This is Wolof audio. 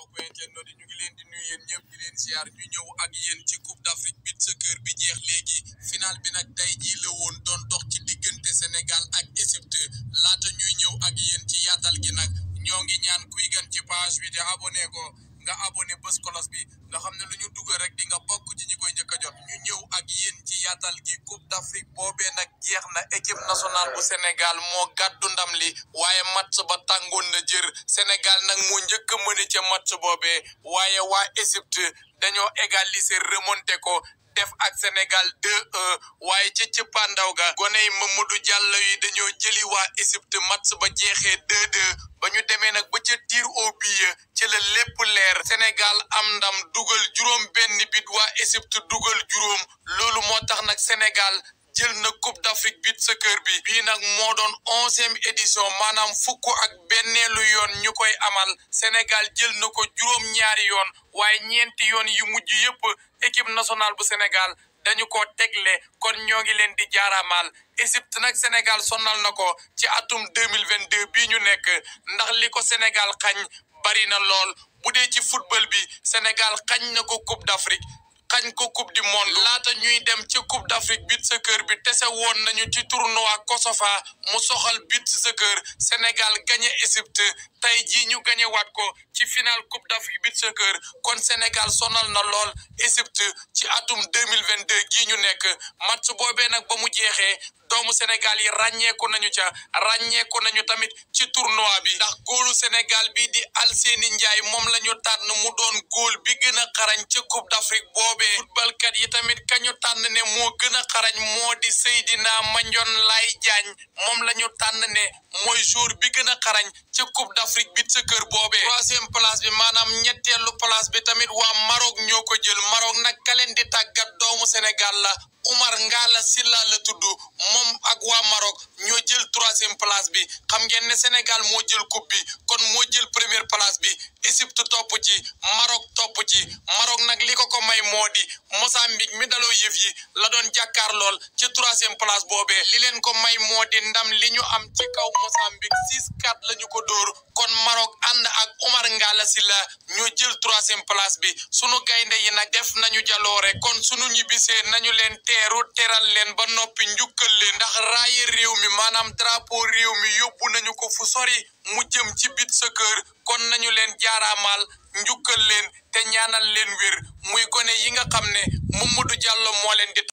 mbokk internet yi ñu ngi leen di nuyu yéen ñëpp di leen ziar ñu ñëw ak yéen ci Coupe d'Afrique beach soccer bi jeex léegi final bi nag tey jii la woon doon dox ci diggante Sénégal ak Égypte laata ñuy ñëw ak yéen ci yaatal gi nag ñoo ngi ñaan kuy gan ci page bi te abonné ko nga abonné bés kolos bi nga xam ne lu ñu dugal rek di nga bokk yaatal gi coupe d'Afrique boobee nag jeex na équipe nationale bu Sénégal moo gàddu ndam li waaye match ba tàngoon na jër Sénégal nag moo njëkk a mëni ca match boobee waaye waa Égypte dañoo égaliser remonté ko def ak Sénégal 2-1 waaye ca cëppaandaw ga goney Mamadou Diallo yi dañoo jëli waa Égypte match ba jeexee 2-2 ba ñu demee nag ba ca tir au but la leer Sénégal am ndam dugal juróom benn bit waa Égypte dugal juróom loolu moo tax nag Sénégal jël na coupe d'Afrique bit sa kër bi bii nag moo doon onzième édition maanaam fukk ak benneelu yoon ñu koy amal Sénégal jël na ko juróom ñaari yoon waaye ñeenti yoon yu mujj yëpp équipe nationale bu Sénégal dañu ko tegle kon ñoo ngi leen di jaaramaal Égypte nag Sénégal sonal na ko ci atum deux mille vingt deux bii ñu nekk ndax li ko Sénégal xañ bari na lool bu dee ci football bi Sénégal xañ na ko Coupe d'Afrique xañ ko Coupe du Monde laata ñuy dem ci Coupe d'Afrique beach soccer bi tese woon nañu ci tournoi Kosofa mu soxal beach soccer Sénégal gagné Égypte tey jii ñu gagné waat ko ci final Coupe d'Afrique beach soccer kon Sénégal sonal na lool Égypte ci atum deux mille vingt deux gii ñu nekk match boobee nag ba mu jeexee. doomu Sénégal yi ràññeeku nañu ca ràññeeku nañu tamit ci tournoi bi ndax góolu Sénégal bi di Alseni Ndiaye moom la ñu tànn mu doon góol bi gën a xarañ ca Coupe d'Afrique boobee footballkat yi tamit kañu tànn ne moo gën a xarañ moo di Seydina mandion lay Diagne moom la ñu tànn ne bi gën a xarañ ca Coupe d'Afrique bi ca kër boobee troisième place bi maanaam ñetteelu place bi tamit waa Maroc ñoo ko jël Maroc nag kaleen di tàggat Sénégal la Umar Ngalla Sylla la tudd moom ak jël troisième place bi xam ngeen ne Sénégal moo jël coupe bi kon moo jël première place bi Égypte topp ci Maroc topp ci Maroc nag li ko ko may moo di Mozambique mi daloo yëf yi la doon jàkkaar lool ci troisième place boobee li leen ko may moo di ndam li ñu am ci kaw Mozambique 6-4 la ko door kon Maroc ànd ak Omar Ngalla Sylla ñu jël troisième place bi sunu gaynde yi nag def nañu jaloore kon sunu ñibbisee nañu leen teeru teral leen ba noppi njukkal maanaam drapeau réew mi yóbbu nañu ko fu sori mu jëm ci bit sa kër kon nañu leen jaaraamaal njukkal leen te ñaanal leen wér muy gone yi nga xam ne Mamadou Diallo moo leen